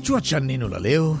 Kichwa cha neno la leo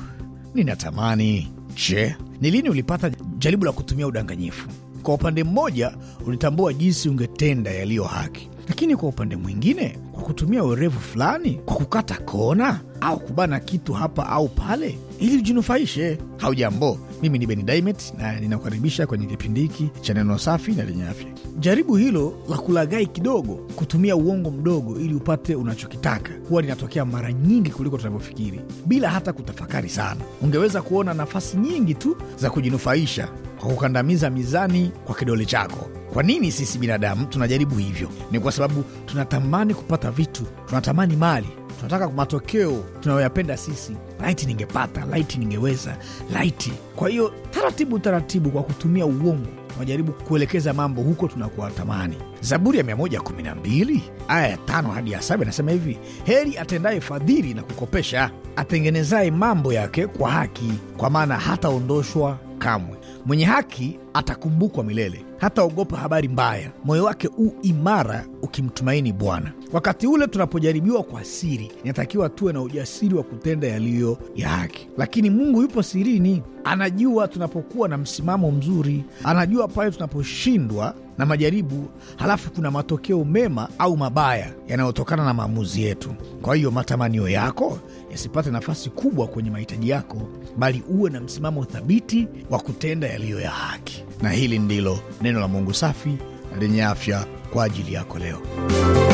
ninatamani. Je, ni lini ulipata jaribu la kutumia udanganyifu? Kwa upande mmoja ulitambua jinsi ungetenda yaliyo haki, lakini kwa upande mwingine, kwa kutumia werevu fulani, kwa kukata kona au kubana kitu hapa au pale ili ujinufaishe. jambo mimi ni Beni Dimet na ninakukaribisha kwenye kipindi hiki cha neno safi na lenye afya. Jaribu hilo la kulagai kidogo, kutumia uongo mdogo ili upate unachokitaka, huwa linatokea mara nyingi kuliko tunavyofikiri, bila hata kutafakari sana. Ungeweza kuona nafasi nyingi tu za kujinufaisha kwa kukandamiza mizani kwa kidole chako. Kwa nini sisi binadamu tunajaribu hivyo? Ni kwa sababu tunatamani kupata vitu, tunatamani mali, tunataka matokeo tunayoyapenda sisi. Laiti ningepata, laiti ningeweza, laiti. Kwa hiyo taratibu taratibu, kwa kutumia uongo tunajaribu kuelekeza mambo huko tunakuwa tamani. Zaburi ya 112 aya ya 5 hadi ya 7 inasema hivi: heri atendaye fadhili na kukopesha, atengenezaye mambo yake kwa haki, kwa maana hataondoshwa kamwe. Mwenye haki atakumbukwa milele, hataogopa habari mbaya. Moyo wake u imara ukimtumaini Bwana. Wakati ule tunapojaribiwa kwa siri, inatakiwa tuwe na ujasiri wa kutenda yaliyo ya haki, lakini Mungu yupo sirini. Anajua tunapokuwa na msimamo mzuri, anajua pale tunaposhindwa na majaribu, halafu kuna matokeo mema au mabaya yanayotokana na maamuzi yetu. Kwa hiyo matamanio yako yasipate nafasi kubwa kwenye mahitaji yako, bali uwe na msimamo thabiti wa kutenda yaliyo ya haki. Na hili ndilo neno la Mungu safi na lenye afya kwa ajili yako leo.